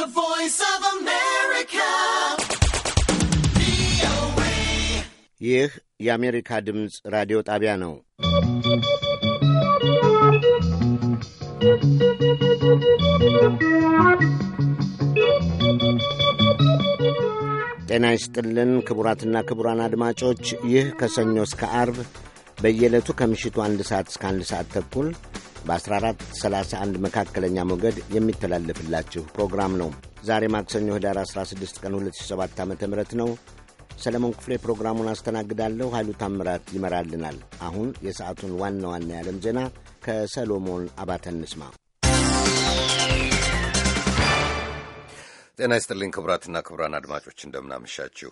The Voice of America. ይህ የአሜሪካ ድምፅ ራዲዮ ጣቢያ ነው። ጤና ይስጥልን ክቡራትና ክቡራን አድማጮች ይህ ከሰኞ እስከ አርብ በየዕለቱ ከምሽቱ አንድ ሰዓት እስከ አንድ ሰዓት ተኩል በ1431 መካከለኛ ሞገድ የሚተላለፍላችሁ ፕሮግራም ነው። ዛሬ ማክሰኞ ህዳር 16 ቀን 2007 ዓ ም ነው። ሰለሞን ክፍሌ ፕሮግራሙን አስተናግዳለሁ። ኃይሉ ታምራት ይመራልናል። አሁን የሰዓቱን ዋና ዋና የዓለም ዜና ከሰሎሞን አባተ እንስማ። ጤና ይስጥልኝ ክቡራትና ክቡራን አድማጮች እንደምናመሻችሁ።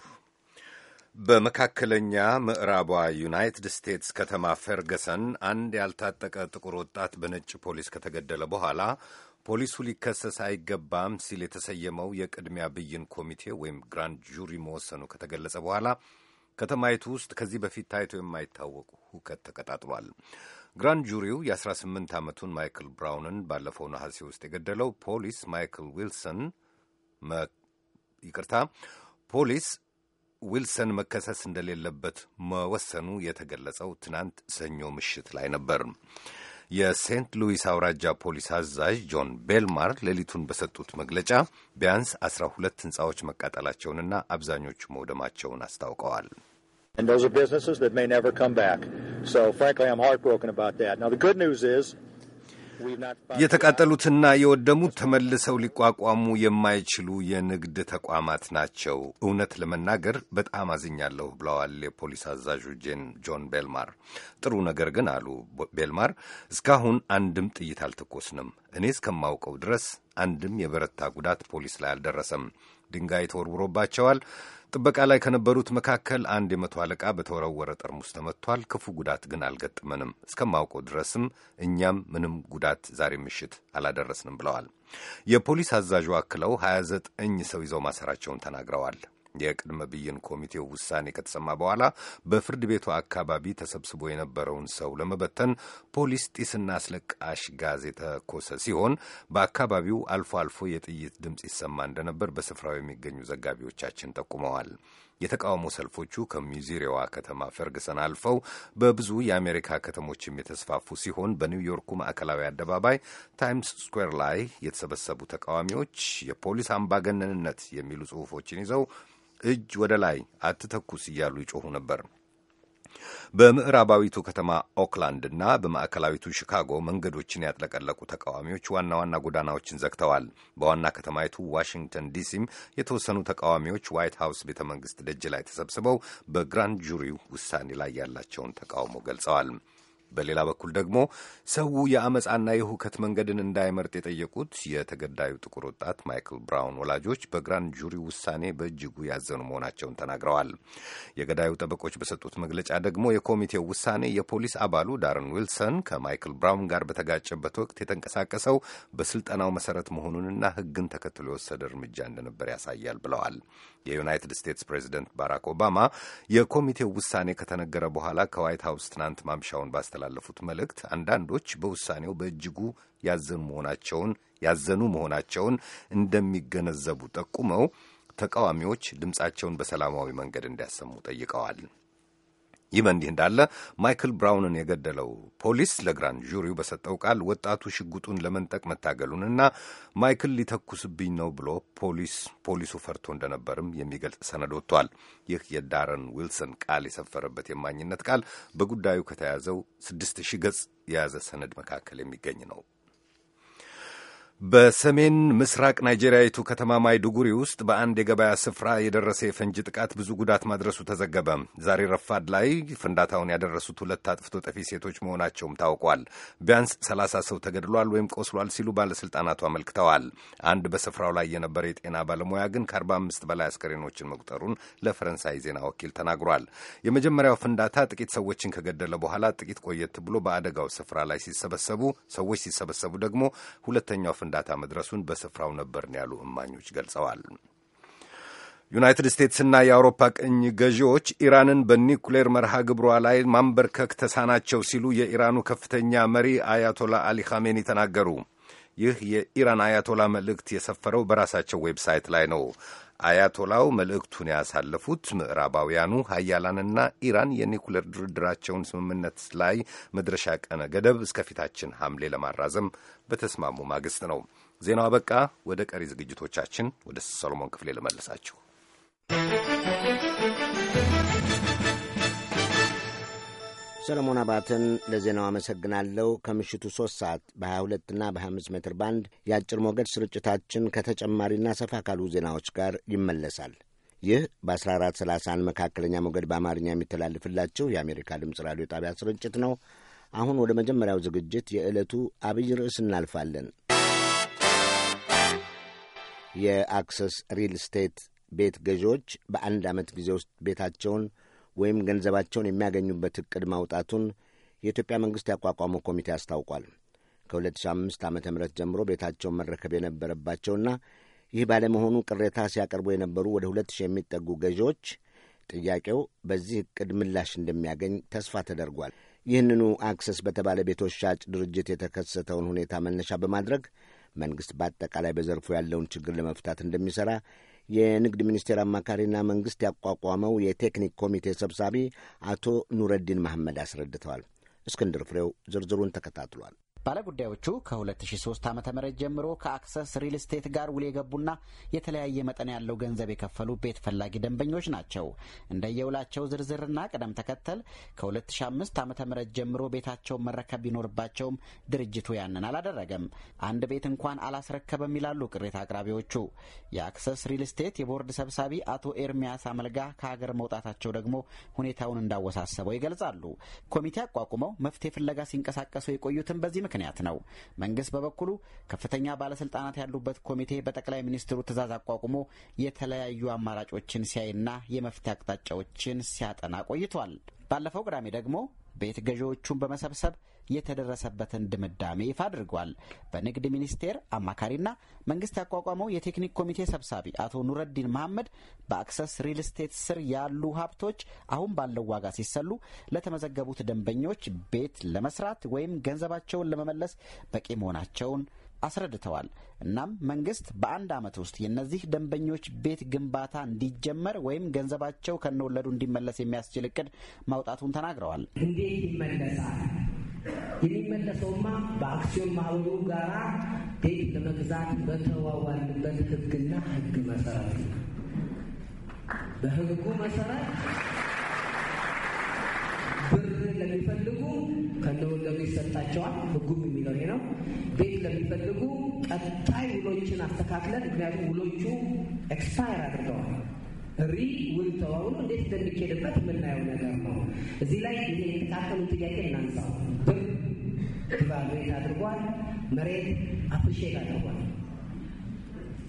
በመካከለኛ ምዕራቧ ዩናይትድ ስቴትስ ከተማ ፈርገሰን አንድ ያልታጠቀ ጥቁር ወጣት በነጭ ፖሊስ ከተገደለ በኋላ ፖሊሱ ሊከሰስ አይገባም ሲል የተሰየመው የቅድሚያ ብይን ኮሚቴ ወይም ግራንድ ጁሪ መወሰኑ ከተገለጸ በኋላ ከተማይቱ ውስጥ ከዚህ በፊት ታይቶ የማይታወቅ ሁከት ተቀጣጥሏል። ግራንድ ጁሪው የ18 ዓመቱን ማይክል ብራውንን ባለፈው ነሐሴ ውስጥ የገደለው ፖሊስ ማይክል ዊልሰን ይቅርታ ፖሊስ ዊልሰን መከሰስ እንደሌለበት መወሰኑ የተገለጸው ትናንት ሰኞ ምሽት ላይ ነበር። የሴንት ሉዊስ አውራጃ ፖሊስ አዛዥ ጆን ቤልማር ሌሊቱን በሰጡት መግለጫ ቢያንስ አስራ ሁለት ሕንፃዎች መቃጠላቸውንና አብዛኞቹ መውደማቸውን አስታውቀዋል። And those are businesses that may never come back. So, frankly, I'm heartbroken about that. Now, the good news is የተቃጠሉትና የወደሙት ተመልሰው ሊቋቋሙ የማይችሉ የንግድ ተቋማት ናቸው። እውነት ለመናገር በጣም አዝኛለሁ ብለዋል የፖሊስ አዛዡ ጄን ጆን ቤልማር። ጥሩ ነገር ግን አሉ ቤልማር፣ እስካሁን አንድም ጥይት አልተኮስንም። እኔ እስከማውቀው ድረስ አንድም የበረታ ጉዳት ፖሊስ ላይ አልደረሰም። ድንጋይ ተወርውሮባቸዋል። ጥበቃ ላይ ከነበሩት መካከል አንድ የመቶ አለቃ በተወረወረ ጠርሙስ ተመቷል። ክፉ ጉዳት ግን አልገጠመንም። እስከማውቀው ድረስም እኛም ምንም ጉዳት ዛሬ ምሽት አላደረስንም ብለዋል። የፖሊስ አዛዡ አክለው 29 ሰው ይዘው ማሰራቸውን ተናግረዋል። የቅድመ ብይን ኮሚቴው ውሳኔ ከተሰማ በኋላ በፍርድ ቤቱ አካባቢ ተሰብስቦ የነበረውን ሰው ለመበተን ፖሊስ ጢስና አስለቃሽ ጋዝ የተኮሰ ሲሆን በአካባቢው አልፎ አልፎ የጥይት ድምፅ ይሰማ እንደነበር በስፍራው የሚገኙ ዘጋቢዎቻችን ጠቁመዋል። የተቃውሞ ሰልፎቹ ከሚዙሪዋ ከተማ ፈርግሰን አልፈው በብዙ የአሜሪካ ከተሞችም የተስፋፉ ሲሆን በኒውዮርኩ ማዕከላዊ አደባባይ ታይምስ ስኩዌር ላይ የተሰበሰቡ ተቃዋሚዎች የፖሊስ አምባገነንነት የሚሉ ጽሑፎችን ይዘው እጅ ወደ ላይ አትተኩስ እያሉ ይጮኹ ነበር። በምዕራባዊቱ ከተማ ኦክላንድ እና በማዕከላዊቱ ሺካጎ መንገዶችን ያጥለቀለቁ ተቃዋሚዎች ዋና ዋና ጎዳናዎችን ዘግተዋል። በዋና ከተማይቱ ዋሽንግተን ዲሲም የተወሰኑ ተቃዋሚዎች ዋይት ሀውስ ቤተ መንግስት ደጅ ላይ ተሰብስበው በግራንድ ጁሪው ውሳኔ ላይ ያላቸውን ተቃውሞ ገልጸዋል። በሌላ በኩል ደግሞ ሰው የአመፃና የሁከት መንገድን እንዳይመርጥ የጠየቁት የተገዳዩ ጥቁር ወጣት ማይክል ብራውን ወላጆች በግራንድ ጁሪ ውሳኔ በእጅጉ ያዘኑ መሆናቸውን ተናግረዋል። የገዳዩ ጠበቆች በሰጡት መግለጫ ደግሞ የኮሚቴው ውሳኔ የፖሊስ አባሉ ዳርን ዊልሰን ከማይክል ብራውን ጋር በተጋጨበት ወቅት የተንቀሳቀሰው በስልጠናው መሰረት መሆኑንና ሕግን ተከትሎ የወሰደ እርምጃ እንደነበር ያሳያል ብለዋል። የዩናይትድ ስቴትስ ፕሬዚደንት ባራክ ኦባማ የኮሚቴው ውሳኔ ከተነገረ በኋላ ከዋይት ሀውስ ትናንት ማምሻውን ባስተላለፉት መልእክት አንዳንዶች በውሳኔው በእጅጉ ያዘኑ መሆናቸውን ያዘኑ መሆናቸውን እንደሚገነዘቡ ጠቁመው ተቃዋሚዎች ድምፃቸውን በሰላማዊ መንገድ እንዲያሰሙ ጠይቀዋል። ይህ በእንዲህ እንዳለ ማይክል ብራውንን የገደለው ፖሊስ ለግራንድ ጁሪው በሰጠው ቃል ወጣቱ ሽጉጡን ለመንጠቅ መታገሉንና ማይክል ሊተኩስብኝ ነው ብሎ ፖሊስ ፖሊሱ ፈርቶ እንደነበርም የሚገልጽ ሰነድ ወጥቷል። ይህ የዳረን ዊልሰን ቃል የሰፈረበት የማኝነት ቃል በጉዳዩ ከተያዘው ስድስት ሺህ ገጽ የያዘ ሰነድ መካከል የሚገኝ ነው። በሰሜን ምስራቅ ናይጄሪያዊቱ ከተማ ማይዱጉሪ ውስጥ በአንድ የገበያ ስፍራ የደረሰ የፈንጂ ጥቃት ብዙ ጉዳት ማድረሱ ተዘገበ። ዛሬ ረፋድ ላይ ፍንዳታውን ያደረሱት ሁለት አጥፍቶ ጠፊ ሴቶች መሆናቸውም ታውቋል። ቢያንስ ሰላሳ ሰው ተገድሏል ወይም ቆስሏል ሲሉ ባለሥልጣናቱ አመልክተዋል። አንድ በስፍራው ላይ የነበረ የጤና ባለሙያ ግን ከአርባ አምስት በላይ አስከሬኖችን መቁጠሩን ለፈረንሳይ ዜና ወኪል ተናግሯል። የመጀመሪያው ፍንዳታ ጥቂት ሰዎችን ከገደለ በኋላ ጥቂት ቆየት ብሎ በአደጋው ስፍራ ላይ ሲሰበሰቡ ሰዎች ሲሰበሰቡ ደግሞ ሁለተኛው ፍንዳታ መድረሱን በስፍራው ነበርን ያሉ እማኞች ገልጸዋል። ዩናይትድ ስቴትስና የአውሮፓ ቅኝ ገዢዎች ኢራንን በኒውክሌር መርሃ ግብሯ ላይ ማንበርከክ ተሳናቸው ሲሉ የኢራኑ ከፍተኛ መሪ አያቶላ አሊ ኻሜኒ ተናገሩ። ይህ የኢራን አያቶላ መልእክት የሰፈረው በራሳቸው ዌብሳይት ላይ ነው። አያቶላው መልእክቱን ያሳለፉት ምዕራባውያኑ ሀያላንና ኢራን የኒኩሌር ድርድራቸውን ስምምነት ላይ መድረሻ ቀነ ገደብ እስከፊታችን ሐምሌ ለማራዘም በተስማሙ ማግስት ነው። ዜናው አበቃ። ወደ ቀሪ ዝግጅቶቻችን ወደ ሰሎሞን ክፍሌ ልመልሳችሁ። ሰለሞን አባትን ለዜናው አመሰግናለሁ። ከምሽቱ ሦስት ሰዓት በ22 ና በ25 ሜትር ባንድ የአጭር ሞገድ ስርጭታችን ከተጨማሪና ሰፋ ካሉ ዜናዎች ጋር ይመለሳል። ይህ በ1431 መካከለኛ ሞገድ በአማርኛ የሚተላልፍላችሁ የአሜሪካ ድምፅ ራዲዮ ጣቢያ ስርጭት ነው። አሁን ወደ መጀመሪያው ዝግጅት የዕለቱ አብይ ርዕስ እናልፋለን። የአክሰስ ሪል ስቴት ቤት ገዢዎች በአንድ ዓመት ጊዜ ውስጥ ቤታቸውን ወይም ገንዘባቸውን የሚያገኙበት እቅድ ማውጣቱን የኢትዮጵያ መንግሥት ያቋቋመው ኮሚቴ አስታውቋል። ከ2005 ዓ ም ጀምሮ ቤታቸውን መረከብ የነበረባቸውና ይህ ባለመሆኑ ቅሬታ ሲያቀርቡ የነበሩ ወደ 2000 የሚጠጉ ገዢዎች ጥያቄው በዚህ እቅድ ምላሽ እንደሚያገኝ ተስፋ ተደርጓል። ይህንኑ አክሰስ በተባለ ቤቶች ሻጭ ድርጅት የተከሰተውን ሁኔታ መነሻ በማድረግ መንግሥት በአጠቃላይ በዘርፉ ያለውን ችግር ለመፍታት እንደሚሠራ የንግድ ሚኒስቴር አማካሪና መንግስት ያቋቋመው የቴክኒክ ኮሚቴ ሰብሳቢ አቶ ኑረዲን መሐመድ አስረድተዋል። እስክንድር ፍሬው ዝርዝሩን ተከታትሏል። ባለጉዳዮቹ ከ2003 ዓ ም ጀምሮ ከአክሰስ ሪል ስቴት ጋር ውል የገቡና የተለያየ መጠን ያለው ገንዘብ የከፈሉ ቤት ፈላጊ ደንበኞች ናቸው። እንደየውላቸው ዝርዝርና ቅደም ተከተል ከ2005 ዓ ም ጀምሮ ቤታቸውን መረከብ ቢኖርባቸውም ድርጅቱ ያንን አላደረገም። አንድ ቤት እንኳን አላስረከበም ይላሉ ቅሬታ አቅራቢዎቹ። የአክሰስ ሪል ስቴት የቦርድ ሰብሳቢ አቶ ኤርሚያስ አመልጋ ከሀገር መውጣታቸው ደግሞ ሁኔታውን እንዳወሳሰበው ይገልጻሉ። ኮሚቴ አቋቁመው መፍትሄ ፍለጋ ሲንቀሳቀሱ የቆዩትን በዚህ ምክንያት ምክንያት ነው። መንግስት በበኩሉ ከፍተኛ ባለስልጣናት ያሉበት ኮሚቴ በጠቅላይ ሚኒስትሩ ትዕዛዝ አቋቁሞ የተለያዩ አማራጮችን ሲያይና የመፍትሄ አቅጣጫዎችን ሲያጠና ቆይቷል። ባለፈው ቅዳሜ ደግሞ ቤት ገዢዎቹን በመሰብሰብ የተደረሰበትን ድምዳሜ ይፋ አድርጓል። በንግድ ሚኒስቴር አማካሪና መንግስት ያቋቋመው የቴክኒክ ኮሚቴ ሰብሳቢ አቶ ኑረዲን መሐመድ በአክሰስ ሪል ስቴት ስር ያሉ ሀብቶች አሁን ባለው ዋጋ ሲሰሉ ለተመዘገቡት ደንበኞች ቤት ለመስራት ወይም ገንዘባቸውን ለመመለስ በቂ መሆናቸውን አስረድተዋል። እናም መንግስት በአንድ ዓመት ውስጥ የእነዚህ ደንበኞች ቤት ግንባታ እንዲጀመር ወይም ገንዘባቸው ከነወለዱ እንዲመለስ የሚያስችል እቅድ ማውጣቱን ተናግረዋል። እንዴት ይመለሳል? የሚመለሰውማ በአክሲዮን ማህበሩ ጋራ ቤት ለመግዛት በተዋዋልበት ህግና ህግ መሰረት በህጉ መሰረት ብር ለሚፈልጉ ከነወለዱ ይሰጣቸዋል። ህጉም የሚለው ይሄ ነው። ቤት ለሚፈልጉ ቀጣይ ውሎችን አስተካክለን፣ ምክንያቱም ውሎቹ ኤክስፓየር አድርገዋል። ሪ ውል ተዋውሎ እንዴት እንደሚኬድበት የምናየው ነገር ነው። እዚህ ላይ ይሄ የተካከሉን ጥያቄ እናንሳው። ብር ዲቫሉዌት አድርጓል፣ መሬት አፕሪሼት አድርጓል።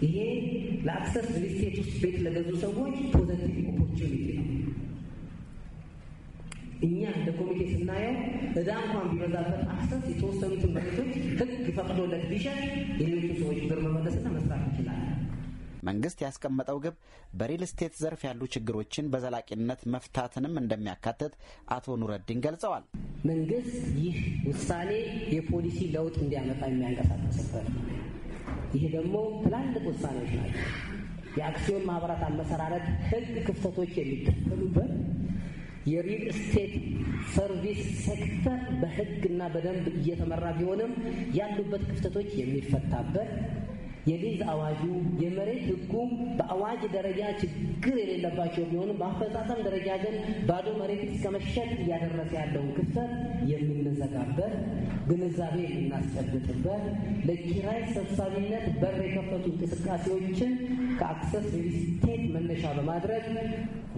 ይሄ ለአክሰስ ሪስቴት ውስጥ ቤት ለገዙ ሰዎች ፖዘቲቭ ኦፖርቹኒቲ ነው። እኛ እንደ ኮሚቴ ስናየው እዳ እንኳን ቢበዛበት አክሰስ የተወሰኑትን መሬቶች ህግ ፈቅዶለት ቢሸጥ የሌሎቹ ሰዎች ብር መመለስና መስራት ይችላል። መንግስት ያስቀመጠው ግብ በሪል ስቴት ዘርፍ ያሉ ችግሮችን በዘላቂነት መፍታትንም እንደሚያካትት አቶ ኑረዲን ገልጸዋል። መንግስት ይህ ውሳኔ የፖሊሲ ለውጥ እንዲያመጣ የሚያንቀሳቀስበት ይህ ደግሞ ትላልቅ ውሳኔዎች ናቸው። የአክሲዮን ማህበራት አመሰራረት ህግ ክፍተቶች የሚከፈሉበት የሪል ስቴት ሰርቪስ ሴክተር በሕግና በደንብ እየተመራ ቢሆንም ያሉበት ክፍተቶች የሚፈታበት የሊዝ አዋጁ የመሬት ህጉ በአዋጅ ደረጃ ችግር የሌለባቸው ቢሆንም በአፈጻጸም ደረጃ ግን ባዶ መሬት እስከ መሸጥ እያደረሰ ያለውን ክፍተት የምና የምንዘጋበት፣ ግንዛቤ የምናስጨብጥበት፣ ለኪራይ ሰብሳቢነት በር የከፈቱ እንቅስቃሴዎችን ከአክሰስ ሪስቴት መነሻ በማድረግ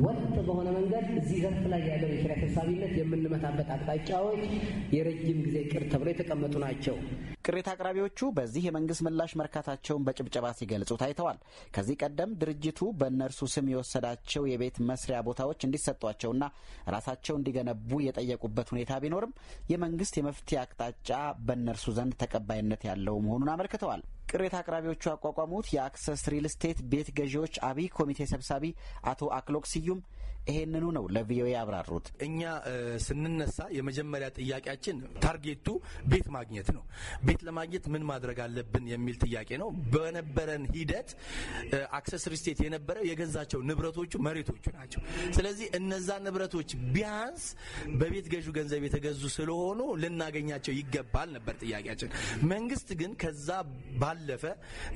ወጥ በሆነ መንገድ እዚህ ዘርፍ ላይ ያለው የኪራይ ሰብሳቢነት የምንመታበት አቅጣጫዎች የረጅም ጊዜ ቅር ተብለው የተቀመጡ ናቸው። ቅሬታ አቅራቢዎቹ በዚህ የመንግስት ምላሽ መርካታቸውን በጭብጨባ ሲገልጹ ታይተዋል። ከዚህ ቀደም ድርጅቱ በእነርሱ ስም የወሰዳቸው የቤት መስሪያ ቦታዎች እንዲሰጧቸውና ራሳቸው እንዲገነቡ የጠየቁበት ሁኔታ ቢኖርም የመንግስት የመፍትሄ አቅጣጫ በእነርሱ ዘንድ ተቀባይነት ያለው መሆኑን አመልክተዋል። ቅሬታ አቅራቢዎቹ ያቋቋሙት የአክሰስ ሪል ስቴት ቤት ገዢዎች አብይ ኮሚቴ ሰብሳቢ አቶ አክሎክ ስዩም ይሄንኑ ነው ለቪኦኤ ያብራሩት። እኛ ስንነሳ የመጀመሪያ ጥያቄያችን ታርጌቱ ቤት ማግኘት ነው። ቤት ለማግኘት ምን ማድረግ አለብን የሚል ጥያቄ ነው። በነበረን ሂደት አክሰስሪ ስቴት የነበረው የገዛቸው ንብረቶቹ መሬቶቹ ናቸው። ስለዚህ እነዛ ንብረቶች ቢያንስ በቤት ገዢ ገንዘብ የተገዙ ስለሆኑ ልናገኛቸው ይገባል ነበር ጥያቄያችን። መንግስት ግን ከዛ ባለፈ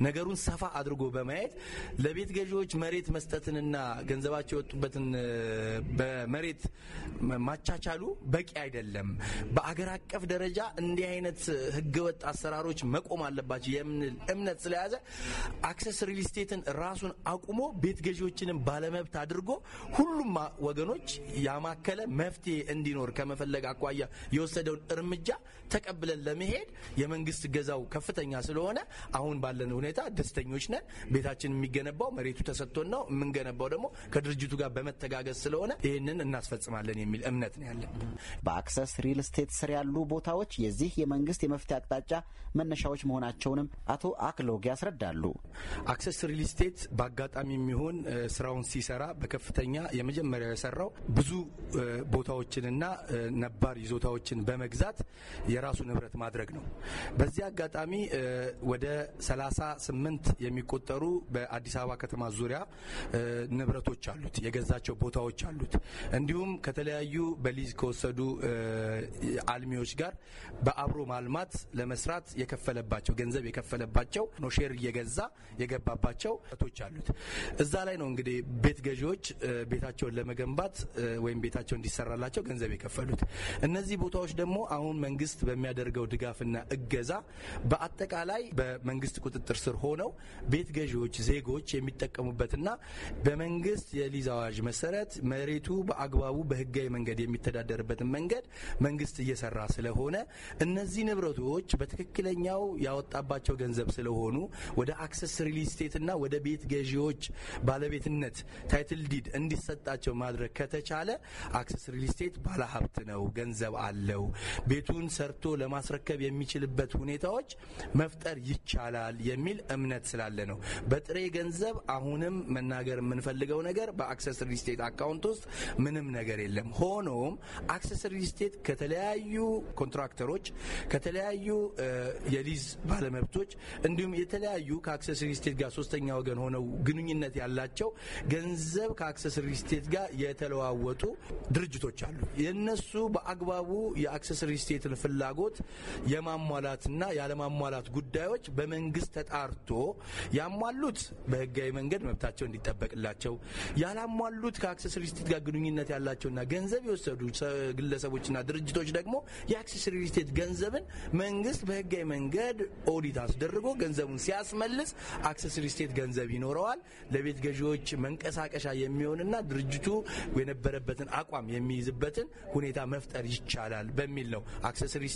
ነገሩን ሰፋ አድርጎ በማየት ለቤት ገዢዎች መሬት መስጠትንና ገንዘባቸው የወጡበትን በመሬት ማቻቻሉ በቂ አይደለም። በአገር አቀፍ ደረጃ እንዲህ አይነት ህገወጥ አሰራሮች መቆም አለባቸው የምንል እምነት ስለያዘ አክሰስ ሪል ስቴትን ራሱን አቁሞ ቤት ገዢዎችንም ባለመብት አድርጎ ሁሉም ወገኖች ያማከለ መፍትሄ እንዲኖር ከመፈለግ አኳያ የወሰደውን እርምጃ ተቀብለን ለመሄድ የመንግስት ገዛው ከፍተኛ ስለሆነ አሁን ባለን ሁኔታ ደስተኞች ነን። ቤታችን የሚገነባው መሬቱ ተሰጥቶን ነው። የምንገነባው ደግሞ ከድርጅቱ ጋር በመተጋገ ማገዝ ስለሆነ ይህንን እናስፈጽማለን የሚል እምነት ነው ያለን። በአክሰስ ሪል ስቴት ስር ያሉ ቦታዎች የዚህ የመንግስት የመፍትሄ አቅጣጫ መነሻዎች መሆናቸውንም አቶ አክሎግ ያስረዳሉ። አክሰስ ሪል ስቴት በአጋጣሚ የሚሆን ስራውን ሲሰራ በከፍተኛ የመጀመሪያ የሰራው ብዙ ቦታዎችንና ነባር ይዞታዎችን በመግዛት የራሱ ንብረት ማድረግ ነው። በዚህ አጋጣሚ ወደ 38 የሚቆጠሩ በአዲስ አበባ ከተማ ዙሪያ ንብረቶች አሉት የገዛቸው ቦታ ቦታዎች አሉት። እንዲሁም ከተለያዩ በሊዝ ከወሰዱ አልሚዎች ጋር በአብሮ ማልማት ለመስራት የከፈለባቸው ገንዘብ የከፈለባቸው ኖሼር እየገዛ የገባባቸው ቶች አሉት። እዛ ላይ ነው እንግዲህ ቤት ገዢዎች ቤታቸውን ለመገንባት ወይም ቤታቸው እንዲሰራላቸው ገንዘብ የከፈሉት። እነዚህ ቦታዎች ደግሞ አሁን መንግስት በሚያደርገው ድጋፍና እገዛ በአጠቃላይ በመንግስት ቁጥጥር ስር ሆነው ቤት ገዢዎች ዜጎች የሚጠቀሙበትና በመንግስት የሊዝ አዋጅ መሰረት መሰረት መሬቱ በአግባቡ በህጋዊ መንገድ የሚተዳደርበትን መንገድ መንግስት እየሰራ ስለሆነ እነዚህ ንብረቶች በትክክለኛው ያወጣባቸው ገንዘብ ስለሆኑ ወደ አክሰስ ሪል ስቴትና ወደ ቤት ገዢዎች ባለቤትነት ታይትል ዲድ እንዲሰጣቸው ማድረግ ከተቻለ አክሰስ ሪል ስቴት ባለሀብት ነው፣ ገንዘብ አለው፣ ቤቱን ሰርቶ ለማስረከብ የሚችልበት ሁኔታዎች መፍጠር ይቻላል የሚል እምነት ስላለ ነው። በጥሬ ገንዘብ አሁንም መናገር የምንፈልገው ነገር በአክሰስ ሪል ስቴት አካውንት ውስጥ ምንም ነገር የለም። ሆኖም አክሰስ ሪል ስቴት ከተለያዩ ኮንትራክተሮች፣ ከተለያዩ የሊዝ ባለመብቶች እንዲሁም የተለያዩ ከአክሰስ ሪል ስቴት ጋር ሶስተኛ ወገን ሆነው ግንኙነት ያላቸው ገንዘብ ከአክሰስ ሪል ስቴት ጋር የተለዋወጡ ድርጅቶች አሉ። የነሱ በአግባቡ የአክሰስ ሪል ስቴትን ፍላጎት የማሟላትና ያለማሟላት ጉዳዮች በመንግስት ተጣርቶ ያሟሉት በህጋዊ መንገድ መብታቸው እንዲጠበቅላቸው ያላሟሉት የአክሰስ ሪል ጋር ግንኙነት ያላቸውና ገንዘብ የወሰዱ ግለሰቦችና ድርጅቶች ደግሞ የአክሰስ ሪል ገንዘብን መንግስት በህጋዊ መንገድ ኦዲት አስደርጎ ገንዘቡን ሲያስመልስ አክሰስ ሪል ገንዘብ ይኖረዋል። ለቤት ገዢዎች መንቀሳቀሻ የሚሆንና ድርጅቱ የነበረበትን አቋም የሚይዝበትን ሁኔታ መፍጠር ይቻላል በሚል ነው አክሰስ ሪል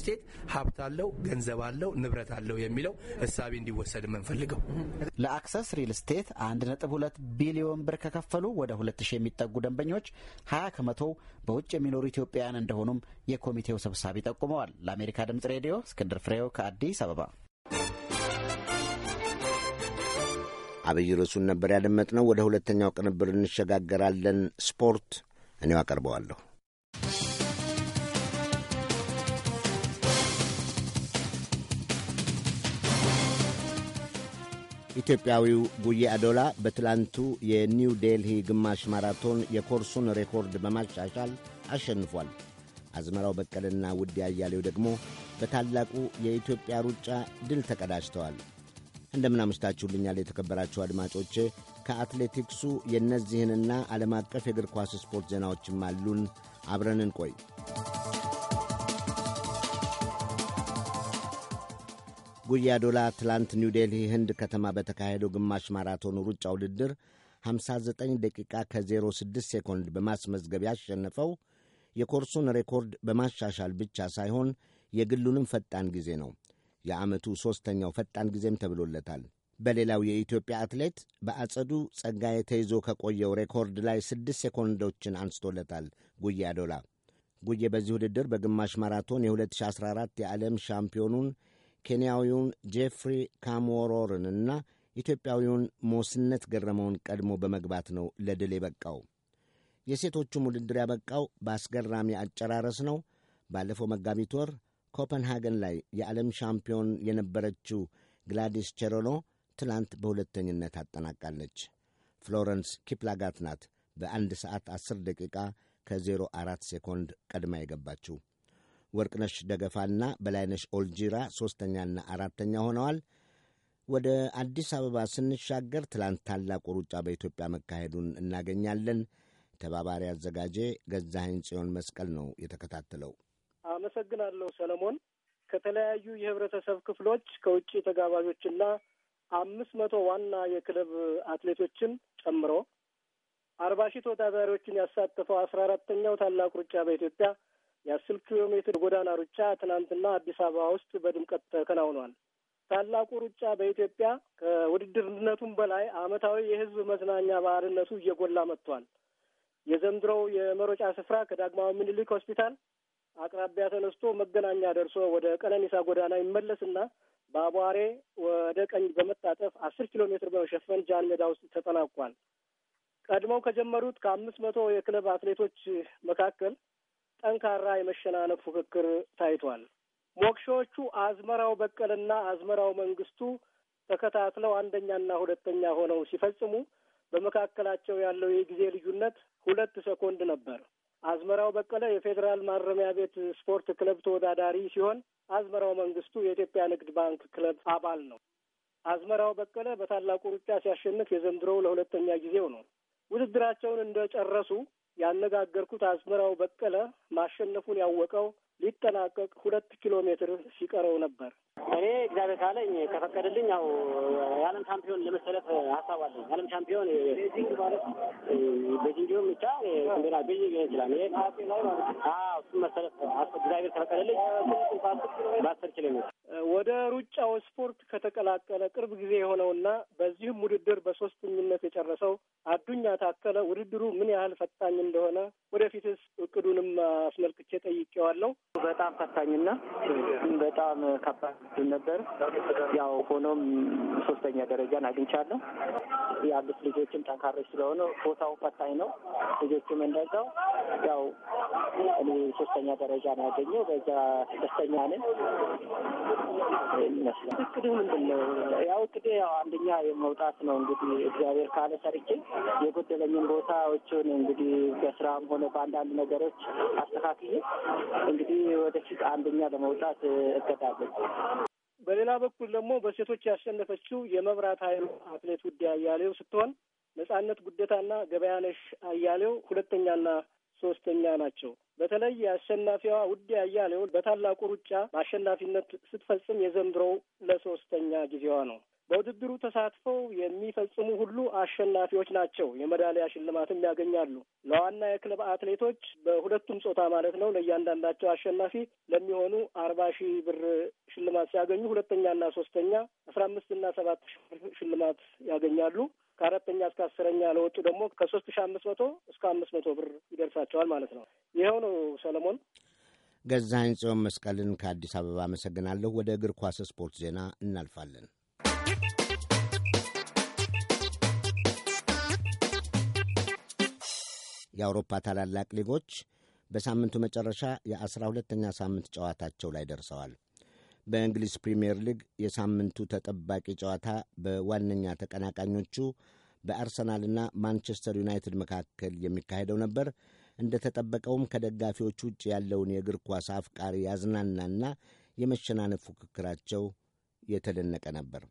ሀብት አለው፣ ገንዘብ አለው፣ ንብረት አለው የሚለው እሳቤ እንዲወሰድ የምንፈልገው ለአክሰስ ሪል ስቴት 1.2 ቢሊዮን ብር ከከፈሉ ወደ 2 ሺህ የሚጠጉ ደንበኞች ሀያ ከመቶ በውጭ የሚኖሩ ኢትዮጵያውያን እንደሆኑም የኮሚቴው ሰብሳቢ ጠቁመዋል። ለአሜሪካ ድምጽ ሬዲዮ እስክንድር ፍሬው ከአዲስ አበባ። አብይ ርዕሱን ነበር ያደመጥነው። ወደ ሁለተኛው ቅንብር እንሸጋገራለን። ስፖርት እኔው አቀርበዋለሁ። ኢትዮጵያዊው ጉዬ አዶላ በትላንቱ የኒው ዴልሂ ግማሽ ማራቶን የኮርሱን ሬኮርድ በማሻሻል አሸንፏል። አዝመራው በቀለና ውድ አያሌው ደግሞ በታላቁ የኢትዮጵያ ሩጫ ድል ተቀዳጅተዋል። እንደምን አምሽታችሁልኛል የተከበራችሁ አድማጮቼ። ከአትሌቲክሱ የእነዚህንና ዓለም አቀፍ የእግር ኳስ ስፖርት ዜናዎችም አሉን። አብረን እንቆይ። ጉያዶላ ትላንት ኒውዴልሂ ህንድ ከተማ በተካሄደው ግማሽ ማራቶን ሩጫ ውድድር 59 ደቂቃ ከ06 ሴኮንድ በማስመዝገብ ያሸነፈው የኮርሱን ሬኮርድ በማሻሻል ብቻ ሳይሆን የግሉንም ፈጣን ጊዜ ነው። የዓመቱ ሦስተኛው ፈጣን ጊዜም ተብሎለታል። በሌላው የኢትዮጵያ አትሌት በአጸዱ ጸጋዬ ተይዞ ከቆየው ሬኮርድ ላይ ስድስት ሴኮንዶችን አንስቶለታል ጉዬ አዶላ። ጉዬ በዚህ ውድድር በግማሽ ማራቶን የ2014 የዓለም ሻምፒዮኑን ኬንያዊውን ጄፍሪ ካምዎሮርንና ኢትዮጵያዊውን ሞስነት ገረመውን ቀድሞ በመግባት ነው ለድል የበቃው። የሴቶቹም ውድድር ያበቃው በአስገራሚ አጨራረስ ነው። ባለፈው መጋቢት ወር ኮፐንሃገን ላይ የዓለም ሻምፒዮን የነበረችው ግላዲስ ቼሮኖ ትላንት በሁለተኝነት አጠናቃለች። ፍሎረንስ ኪፕላጋት ናት በአንድ ሰዓት 10 ደቂቃ ከ04 ሴኮንድ ቀድማ የገባችው። ወርቅነሽ ደገፋና በላይነሽ ኦልጂራ ሦስተኛና አራተኛ ሆነዋል። ወደ አዲስ አበባ ስንሻገር ትላንት ታላቁ ሩጫ በኢትዮጵያ መካሄዱን እናገኛለን። ተባባሪ አዘጋጄ ገዛኸኝ ጽዮን መስቀል ነው የተከታተለው። አመሰግናለሁ ሰለሞን። ከተለያዩ የህብረተሰብ ክፍሎች ከውጭ ተጋባዦችና አምስት መቶ ዋና የክለብ አትሌቶችን ጨምሮ አርባ ሺህ ተወዳዳሪዎችን ያሳተፈው አስራ አራተኛው ታላቅ ሩጫ በኢትዮጵያ የአስር ኪሎ ሜትር ጎዳና ሩጫ ትናንትና አዲስ አበባ ውስጥ በድምቀት ተከናውኗል። ታላቁ ሩጫ በኢትዮጵያ ከውድድርነቱም በላይ ዓመታዊ የሕዝብ መዝናኛ ባህልነቱ እየጎላ መጥቷል። የዘንድሮው የመሮጫ ስፍራ ከዳግማዊ ምኒልክ ሆስፒታል አቅራቢያ ተነስቶ መገናኛ ደርሶ ወደ ቀነኒሳ ጎዳና ይመለስና በአቧሬ ወደ ቀኝ በመታጠፍ አስር ኪሎ ሜትር በመሸፈን ጃን ሜዳ ውስጥ ተጠናቋል። ቀድመው ከጀመሩት ከአምስት መቶ የክለብ አትሌቶች መካከል ጠንካራ የመሸናነፍ ፉክክር ታይቷል። ሞክሾዎቹ አዝመራው በቀልና አዝመራው መንግስቱ ተከታትለው አንደኛና ሁለተኛ ሆነው ሲፈጽሙ በመካከላቸው ያለው የጊዜ ልዩነት ሁለት ሰኮንድ ነበር። አዝመራው በቀለ የፌዴራል ማረሚያ ቤት ስፖርት ክለብ ተወዳዳሪ ሲሆን አዝመራው መንግስቱ የኢትዮጵያ ንግድ ባንክ ክለብ አባል ነው። አዝመራው በቀለ በታላቁ ሩጫ ሲያሸንፍ የዘንድሮው ለሁለተኛ ጊዜው ነው። ውድድራቸውን እንደጨረሱ ያነጋገርኩት አዝመራው በቀለ ማሸነፉን ያወቀው ሊጠናቀቅ ሁለት ኪሎ ሜትር ሲቀረው ነበር። እኔ እግዚአብሔር ካለኝ ከፈቀደልኝ ያው የዓለም ሻምፒዮን ለመሰለፍ ሀሳብ አለኝ። የዓለም ሻምፒዮን በዚንዲሁም ብቻ ንዴና ብይ ይችላል። ይሄ እሱም መሰለፍ እግዚአብሔር ከፈቀደልኝ በአስር ኪሎ ሜትር ወደ ሩጫው ስፖርት ከተቀላቀለ ቅርብ ጊዜ የሆነውና በዚህም ውድድር በሶስተኝነት የጨረሰው አዱኛ ታከለ ውድድሩ ምን ያህል ፈጣኝ እንደሆነ ወደፊትስ እቅዱንም አስመልክቼ ጠይቄዋለሁ። በጣም ፈታኝና በጣም ከባድ ነበር። ያው ሆኖም ሶስተኛ ደረጃን አግኝቻለሁ። ያሉት ልጆችም ጠንካሮች ስለሆነ ቦታው ፈታኝ ነው። ልጆችም እንደዛው ያው እኔ ሶስተኛ ደረጃ ነው ያገኘው። በዛ ደስተኛ ነን ይመስላል። እቅዱ ምንድን ነው? ያው እቅዴ ያው አንደኛ የመውጣት ነው እንግዲህ እግዚአብሔር ካለ ሰርቼ የጎደለኝን ቦታዎችን እንግዲህ በስራም ሆነ በአንዳንድ ነገር ነገሮች አስተካክዬ እንግዲህ ወደፊት አንደኛ ለመውጣት እገዳለን። በሌላ በኩል ደግሞ በሴቶች ያሸነፈችው የመብራት ኃይሉ አትሌት ውዴ አያሌው ስትሆን ነጻነት ጉደታና ገበያነሽ አያሌው ሁለተኛና ሶስተኛ ናቸው። በተለይ የአሸናፊዋ ውዴ አያሌው በታላቁ ሩጫ በአሸናፊነት ስትፈጽም የዘንድሮው ለሶስተኛ ጊዜዋ ነው። በውድድሩ ተሳትፈው የሚፈጽሙ ሁሉ አሸናፊዎች ናቸው። የመዳሊያ ሽልማትም ያገኛሉ። ለዋና የክለብ አትሌቶች በሁለቱም ጾታ ማለት ነው ለእያንዳንዳቸው አሸናፊ ለሚሆኑ አርባ ሺህ ብር ሽልማት ሲያገኙ ሁለተኛና ሶስተኛ አስራ አምስትና ሰባት ሺህ ብር ሽልማት ያገኛሉ። ከአራተኛ እስከ አስረኛ ለወጡ ደግሞ ከሶስት ሺህ አምስት መቶ እስከ አምስት መቶ ብር ይደርሳቸዋል ማለት ነው። ይኸው ነው ሰለሞን። ገዛኸኝ ጽዮን መስቀልን ከአዲስ አበባ አመሰግናለሁ። ወደ እግር ኳስ ስፖርት ዜና እናልፋለን። የአውሮፓ ታላላቅ ሊጎች በሳምንቱ መጨረሻ የአስራ ሁለተኛ ሳምንት ጨዋታቸው ላይ ደርሰዋል። በእንግሊዝ ፕሪምየር ሊግ የሳምንቱ ተጠባቂ ጨዋታ በዋነኛ ተቀናቃኞቹ በአርሰናልና ማንቸስተር ዩናይትድ መካከል የሚካሄደው ነበር። እንደ ተጠበቀውም ከደጋፊዎች ውጭ ያለውን የእግር ኳስ አፍቃሪ ያዝናናና የመሸናነፍ ፉክክራቸው የተደነቀ ነበር።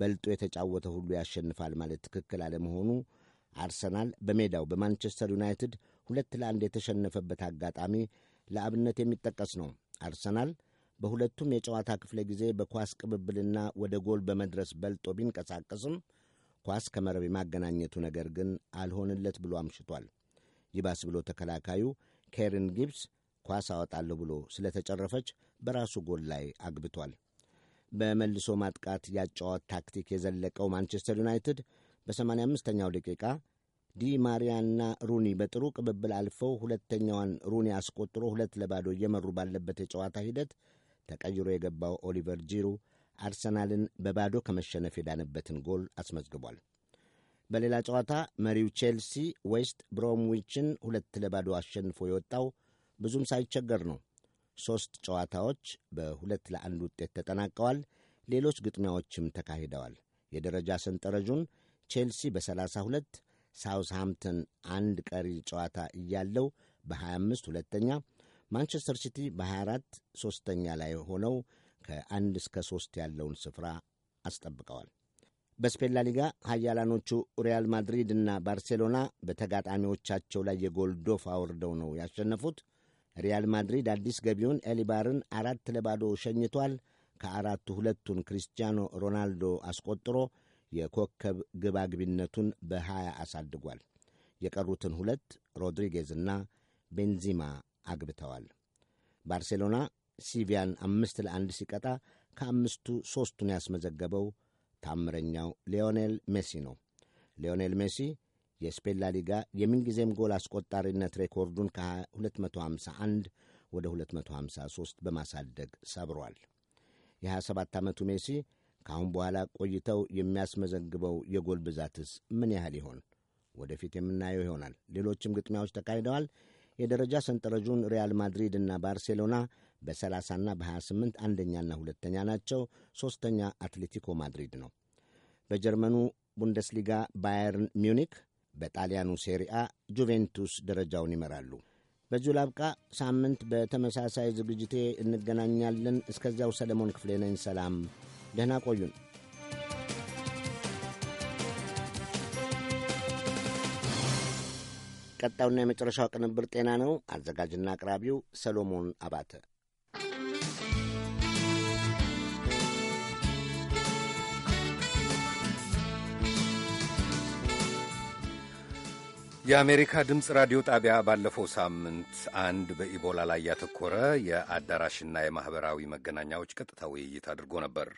በልጦ የተጫወተ ሁሉ ያሸንፋል ማለት ትክክል አለመሆኑ አርሰናል በሜዳው በማንቸስተር ዩናይትድ ሁለት ለአንድ የተሸነፈበት አጋጣሚ ለአብነት የሚጠቀስ ነው። አርሰናል በሁለቱም የጨዋታ ክፍለ ጊዜ በኳስ ቅብብልና ወደ ጎል በመድረስ በልጦ ቢንቀሳቀስም ኳስ ከመረብ የማገናኘቱ ነገር ግን አልሆንለት ብሎ አምሽቷል። ይባስ ብሎ ተከላካዩ ኬሪን ጊብስ ኳስ አወጣለሁ ብሎ ስለተጨረፈች በራሱ ጎል ላይ አግብቷል። በመልሶ ማጥቃት ያጫዋት ታክቲክ የዘለቀው ማንቸስተር ዩናይትድ በ85ኛው ደቂቃ ዲ ማሪያና ሩኒ በጥሩ ቅብብል አልፈው ሁለተኛዋን ሩኒ አስቆጥሮ ሁለት ለባዶ እየመሩ ባለበት የጨዋታ ሂደት ተቀይሮ የገባው ኦሊቨር ጂሩ አርሰናልን በባዶ ከመሸነፍ የዳነበትን ጎል አስመዝግቧል። በሌላ ጨዋታ መሪው ቼልሲ ዌስት ብሮምዊችን ሁለት ለባዶ አሸንፎ የወጣው ብዙም ሳይቸገር ነው። ሦስት ጨዋታዎች በሁለት ለአንድ ውጤት ተጠናቀዋል። ሌሎች ግጥሚያዎችም ተካሂደዋል። የደረጃ ሰንጠረዡን ቼልሲ በ32 ሳውስሃምፕተን አንድ ቀሪ ጨዋታ እያለው በ25 ሁለተኛ፣ ማንቸስተር ሲቲ በ24 ሦስተኛ ላይ ሆነው ከአንድ እስከ ሦስት ያለውን ስፍራ አስጠብቀዋል። በስፔን ላሊጋ ኃያላኖቹ ሪያል ማድሪድ እና ባርሴሎና በተጋጣሚዎቻቸው ላይ የጎል ዶፍ አውርደው ነው ያሸነፉት። ሪያል ማድሪድ አዲስ ገቢውን ኤሊባርን አራት ለባዶ ሸኝቷል። ከአራቱ ሁለቱን ክሪስቲያኖ ሮናልዶ አስቆጥሮ የኮከብ ግባግቢነቱን በሃያ አሳድጓል። የቀሩትን ሁለት ሮድሪጌዝና ቤንዚማ አግብተዋል። ባርሴሎና ሲቪያን አምስት ለአንድ ሲቀጣ ከአምስቱ ሦስቱን ያስመዘገበው ታምረኛው ሊዮኔል ሜሲ ነው። ሊዮኔል ሜሲ የስፔን ላሊጋ የምንጊዜም ጎል አስቆጣሪነት ሬኮርዱን ከ251 ወደ 253 በማሳደግ ሰብሯል። የ27 ዓመቱ ሜሲ ከአሁን በኋላ ቆይተው የሚያስመዘግበው የጎል ብዛትስ ምን ያህል ይሆን? ወደፊት የምናየው ይሆናል። ሌሎችም ግጥሚያዎች ተካሂደዋል። የደረጃ ሰንጠረዡን ሪያል ማድሪድ እና ባርሴሎና በ30ና በ28 አንደኛና ሁለተኛ ናቸው። ሦስተኛ አትሌቲኮ ማድሪድ ነው። በጀርመኑ ቡንደስሊጋ ባየርን ሚውኒክ በጣሊያኑ ሴሪአ ጁቬንቱስ ደረጃውን ይመራሉ። በዚሁ ላብቃ። ሳምንት በተመሳሳይ ዝግጅቴ እንገናኛለን። እስከዚያው ሰለሞን ክፍሌ ነኝ። ሰላም፣ ደህና ቆዩን። ቀጣዩና የመጨረሻው ቅንብር ጤና ነው። አዘጋጅና አቅራቢው ሰሎሞን አባተ የአሜሪካ ድምፅ ራዲዮ ጣቢያ ባለፈው ሳምንት አንድ በኢቦላ ላይ ያተኮረ የአዳራሽና የማኅበራዊ መገናኛዎች ቀጥታ ውይይት አድርጎ ነበር።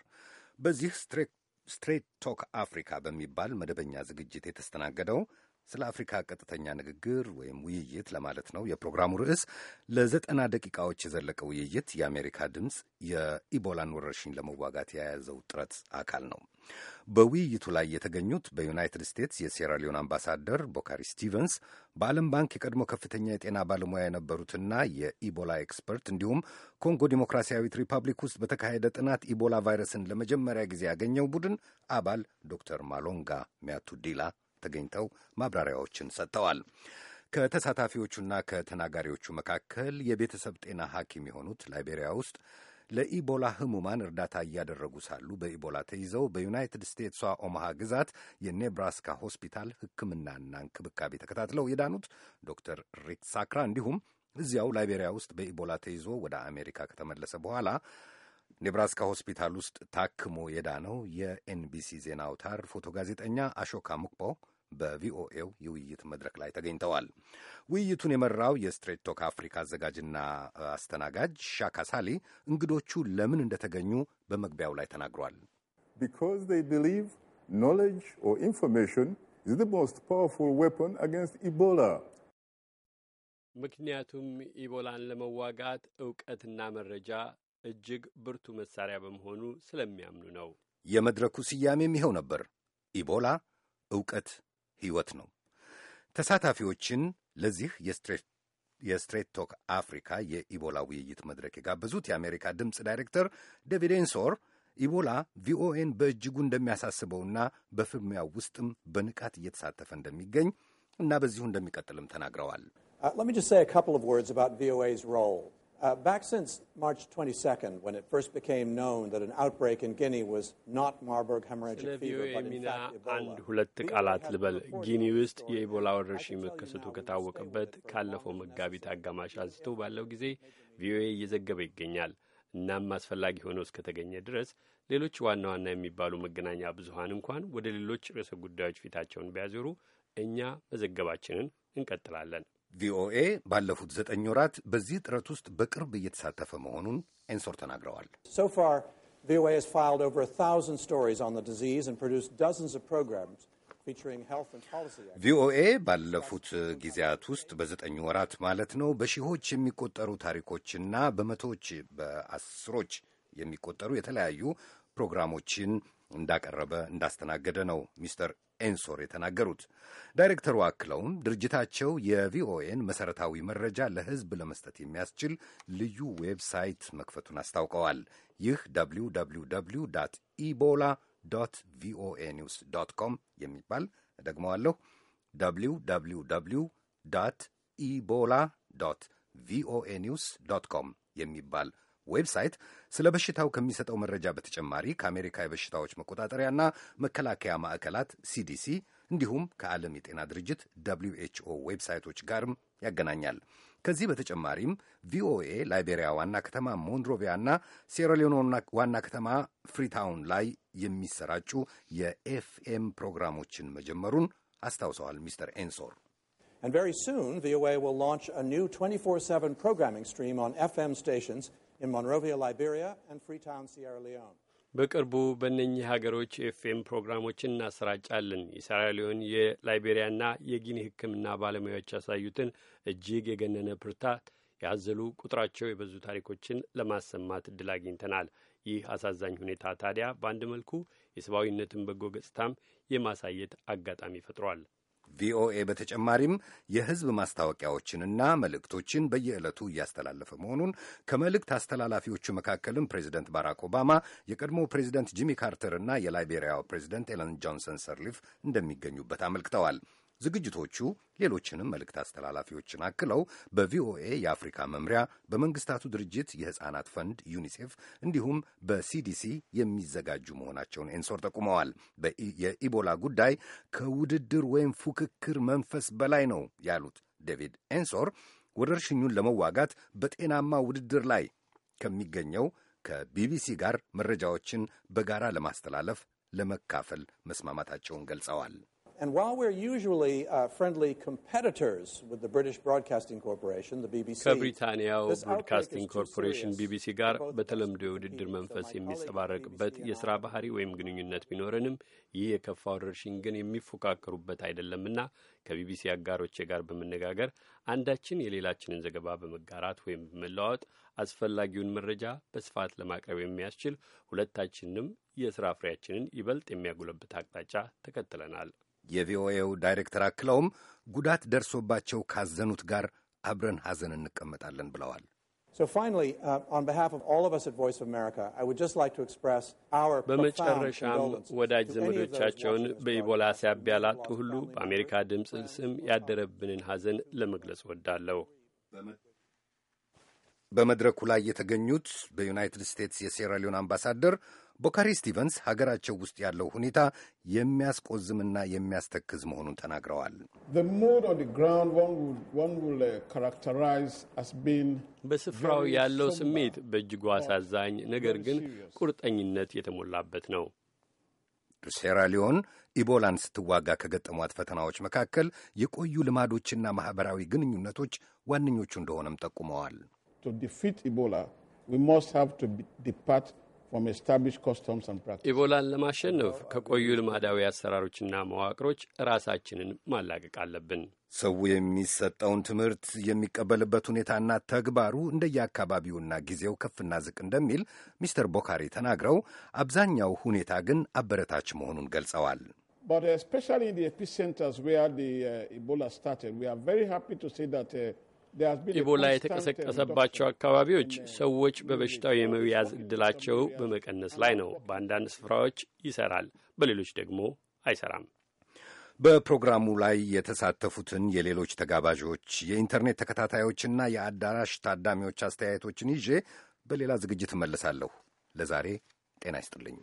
በዚህ ስትሬት ቶክ አፍሪካ በሚባል መደበኛ ዝግጅት የተስተናገደው ስለ አፍሪካ ቀጥተኛ ንግግር ወይም ውይይት ለማለት ነው። የፕሮግራሙ ርዕስ ለዘጠና ደቂቃዎች የዘለቀ ውይይት የአሜሪካ ድምፅ የኢቦላን ወረርሽኝ ለመዋጋት የያዘው ጥረት አካል ነው። በውይይቱ ላይ የተገኙት በዩናይትድ ስቴትስ የሴራሊዮን አምባሳደር ቦካሪ ስቲቨንስ፣ በዓለም ባንክ የቀድሞ ከፍተኛ የጤና ባለሙያ የነበሩትና የኢቦላ ኤክስፐርት እንዲሁም ኮንጎ ዲሞክራሲያዊት ሪፐብሊክ ውስጥ በተካሄደ ጥናት ኢቦላ ቫይረስን ለመጀመሪያ ጊዜ ያገኘው ቡድን አባል ዶክተር ማሎንጋ ዲላ ተገኝተው ማብራሪያዎችን ሰጥተዋል። ከተሳታፊዎቹና ከተናጋሪዎቹ መካከል የቤተሰብ ጤና ሐኪም የሆኑት ላይቤሪያ ውስጥ ለኢቦላ ህሙማን እርዳታ እያደረጉ ሳሉ በኢቦላ ተይዘው በዩናይትድ ስቴትሷ ኦማሃ ግዛት የኔብራስካ ሆስፒታል ሕክምናና እንክብካቤ ተከታትለው የዳኑት ዶክተር ሪክ ሳክራ እንዲሁም እዚያው ላይቤሪያ ውስጥ በኢቦላ ተይዞ ወደ አሜሪካ ከተመለሰ በኋላ ኔብራስካ ሆስፒታል ውስጥ ታክሞ የዳነው የኤንቢሲ ዜና አውታር ፎቶ ጋዜጠኛ አሾካ ሙክፖ በቪኦኤው የውይይት መድረክ ላይ ተገኝተዋል። ውይይቱን የመራው የስትሬት ቶክ አፍሪካ አዘጋጅና አስተናጋጅ ሻካ ሳሊ እንግዶቹ ለምን እንደተገኙ በመግቢያው ላይ ተናግሯል። ቢኮዝ ቢሊቭ ኖሌጅ ኦር ኢንፎርሜሽን ኢዝ ዘ ሞስት ፓወርፉል ዌፐን አገንስት ኢቦላ ምክንያቱም ኢቦላን ለመዋጋት እውቀትና መረጃ እጅግ ብርቱ መሳሪያ በመሆኑ ስለሚያምኑ ነው። የመድረኩ ስያሜም ይኸው ነበር፣ ኢቦላ እውቀት ሕይወት ነው። ተሳታፊዎችን ለዚህ የስትሬት ቶክ አፍሪካ የኢቦላ ውይይት መድረክ የጋበዙት የአሜሪካ ድምፅ ዳይሬክተር ዴቪድ ኤንሶር ኢቦላ ቪኦኤን በእጅጉ እንደሚያሳስበውና በፍልሚያው ውስጥም በንቃት እየተሳተፈ እንደሚገኝ እና በዚሁ እንደሚቀጥልም ተናግረዋል። uh, Uh, back since March 22nd, when it first became known that an outbreak in Guinea was not Marburg hemorrhagic fever, but in fact Ebola, አንድ ሁለት ቃላት ልበል። ጊኒ ውስጥ የኢቦላ ወረርሽኝ መከሰቱ ከታወቀበት ካለፈው መጋቢት አጋማሽ አንስቶ ባለው ጊዜ ቪኦኤ እየዘገበ ይገኛል። እናም አስፈላጊ ሆኖ እስከተገኘ ድረስ ሌሎች ዋና ዋና የሚባሉ መገናኛ ብዙኃን እንኳን ወደ ሌሎች ርዕሰ ጉዳዮች ፊታቸውን ቢያዞሩ እኛ መዘገባችንን እንቀጥላለን። ቪኦኤ ባለፉት ዘጠኝ ወራት በዚህ ጥረት ውስጥ በቅርብ እየተሳተፈ መሆኑን ኤንሶር ተናግረዋል። ቪኦኤ ባለፉት ጊዜያት ውስጥ በዘጠኝ ወራት ማለት ነው በሺዎች የሚቆጠሩ ታሪኮችና በመቶዎች በአስሮች የሚቆጠሩ የተለያዩ ፕሮግራሞችን እንዳቀረበ እንዳስተናገደ ነው ሚስተር ኤንሶር የተናገሩት። ዳይሬክተሩ አክለውም ድርጅታቸው የቪኦኤን መሠረታዊ መረጃ ለሕዝብ ለመስጠት የሚያስችል ልዩ ዌብሳይት መክፈቱን አስታውቀዋል። ይህ ደብሊው ደብሊው ኢቦላ ዶት ቪኦኤ ኒውስ ዶት ኮም የሚባል ደግመዋለሁ፣ ደብሊው ኢቦላ ቪኦኤ ኒውስ ዶት ኮም የሚባል ዌብሳይት ስለ በሽታው ከሚሰጠው መረጃ በተጨማሪ ከአሜሪካ የበሽታዎች መቆጣጠሪያና መከላከያ ማዕከላት ሲዲሲ እንዲሁም ከዓለም የጤና ድርጅት ደብሊው ኤች ኦ ዌብሳይቶች ጋርም ያገናኛል። ከዚህ በተጨማሪም ቪኦኤ ላይቤሪያ ዋና ከተማ ሞንሮቪያና ሴራሊዮን ዋና ከተማ ፍሪታውን ላይ የሚሰራጩ የኤፍኤም ፕሮግራሞችን መጀመሩን አስታውሰዋል ሚስተር ኤንሶር። And very soon, VOA will launch a new 24-7 programming stream on FM stations in Monrovia, Liberia, and Freetown, Sierra Leone. በቅርቡ በእነኚህ ሀገሮች የኤፍኤም ፕሮግራሞችን እናሰራጫለን። የሴራ ሊዮን የላይቤሪያና የጊኒ ሕክምና ባለሙያዎች ያሳዩትን እጅግ የገነነ ብርታት ያዘሉ ቁጥራቸው የበዙ ታሪኮችን ለማሰማት እድል አግኝተናል። ይህ አሳዛኝ ሁኔታ ታዲያ በአንድ መልኩ የሰብአዊነትን በጎ ገጽታም የማሳየት አጋጣሚ ፈጥሯል። ቪኦኤ በተጨማሪም የህዝብ ማስታወቂያዎችንና መልእክቶችን በየዕለቱ እያስተላለፈ መሆኑን ከመልእክት አስተላላፊዎቹ መካከልም ፕሬዚደንት ባራክ ኦባማ፣ የቀድሞ ፕሬዚደንት ጂሚ ካርተር እና የላይቤሪያው ፕሬዚደንት ኤለን ጆንሰን ሰርሊፍ እንደሚገኙበት አመልክተዋል። ዝግጅቶቹ ሌሎችንም መልእክት አስተላላፊዎችን አክለው በቪኦኤ የአፍሪካ መምሪያ፣ በመንግስታቱ ድርጅት የሕፃናት ፈንድ ዩኒሴፍ እንዲሁም በሲዲሲ የሚዘጋጁ መሆናቸውን ኤንሶር ጠቁመዋል። የኢቦላ ጉዳይ ከውድድር ወይም ፉክክር መንፈስ በላይ ነው ያሉት ዴቪድ ኤንሶር ወረርሽኙን ለመዋጋት በጤናማ ውድድር ላይ ከሚገኘው ከቢቢሲ ጋር መረጃዎችን በጋራ ለማስተላለፍ ለመካፈል መስማማታቸውን ገልጸዋል። And while we're usually uh, friendly competitors with the British Broadcasting Corporation, the BBC, ከብሪታንያው ብሮድካስቲንግ ኮርፖሬሽን ቢቢሲ ጋር በተለምዶ የውድድር መንፈስ የሚጸባረቅበት የስራ ባህሪ ወይም ግንኙነት ቢኖረንም ይህ የከፋ ወረርሽኝ ግን የሚፎካከሩበት አይደለምና ከቢቢሲ አጋሮቼ ጋር በመነጋገር አንዳችን የሌላችንን ዘገባ በመጋራት ወይም በመለዋወጥ አስፈላጊውን መረጃ በስፋት ለማቅረብ የሚያስችል ሁለታችንም የሥራ ፍሬያችንን ይበልጥ የሚያጎለብት አቅጣጫ ተከትለናል። የቪኦኤው ዳይሬክተር አክለውም ጉዳት ደርሶባቸው ካዘኑት ጋር አብረን ሐዘን እንቀመጣለን ብለዋል። uh, በመጨረሻም ወዳጅ ዘመዶቻቸውን በኢቦላ ሳቢያ ላጡ ሁሉ በአሜሪካ ድምፅ ስም ያደረብንን ሐዘን ለመግለጽ ወዳለሁ። በመድረኩ ላይ የተገኙት በዩናይትድ ስቴትስ የሴራሊዮን አምባሳደር ቦካሪ ስቲቨንስ ሀገራቸው ውስጥ ያለው ሁኔታ የሚያስቆዝምና የሚያስተክዝ መሆኑን ተናግረዋል። uh, በስፍራው ያለው ስሜት በእጅጉ አሳዛኝ፣ ነገር ግን ቁርጠኝነት የተሞላበት ነው። ሊዮን ኢቦላን ስትዋጋ ከገጠሟት ፈተናዎች መካከል የቆዩ ልማዶችና ማኅበራዊ ግንኙነቶች ዋነኞቹ እንደሆነም ጠቁመዋል። ኢቦላን ለማሸነፍ ከቆዩ ልማዳዊ አሰራሮችና መዋቅሮች ራሳችንን ማላቀቅ አለብን። ሰው የሚሰጠውን ትምህርት የሚቀበልበት ሁኔታና ተግባሩ እንደየአካባቢውና ጊዜው ከፍና ዝቅ እንደሚል ሚስተር ቦካሪ ተናግረው አብዛኛው ሁኔታ ግን አበረታች መሆኑን ገልጸዋል። but especially in the epicenters where the uh, Ebola started, we are very happy to that uh, ኢቦላ የተቀሰቀሰባቸው አካባቢዎች ሰዎች በበሽታው የመያዝ እድላቸው በመቀነስ ላይ ነው። በአንዳንድ ስፍራዎች ይሰራል፣ በሌሎች ደግሞ አይሰራም። በፕሮግራሙ ላይ የተሳተፉትን የሌሎች ተጋባዦች የኢንተርኔት ተከታታዮችና የአዳራሽ ታዳሚዎች አስተያየቶችን ይዤ በሌላ ዝግጅት እመለሳለሁ። ለዛሬ ጤና ይስጥልኝ።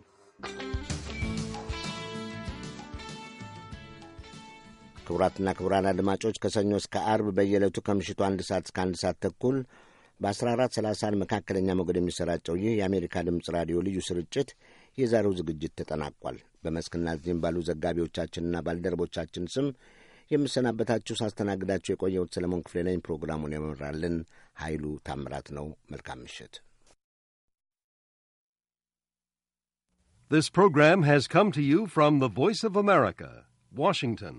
ክቡራትና ክቡራን አድማጮች ከሰኞ እስከ አርብ በየዕለቱ ከምሽቱ አንድ ሰዓት እስከ አንድ ሰዓት ተኩል በ1430 መካከለኛ ሞገድ የሚሰራጨው ይህ የአሜሪካ ድምፅ ራዲዮ ልዩ ስርጭት የዛሬው ዝግጅት ተጠናቋል። በመስክና እዚህም ባሉ ዘጋቢዎቻችንና ባልደረቦቻችን ስም የምሰናበታችሁ ሳስተናግዳችሁ የቆየሁት ሰለሞን ክፍሌ ነኝ። ፕሮግራሙን የመራልን ኃይሉ ታምራት ነው። መልካም ምሽት። This program has come to you from the Voice of America, Washington.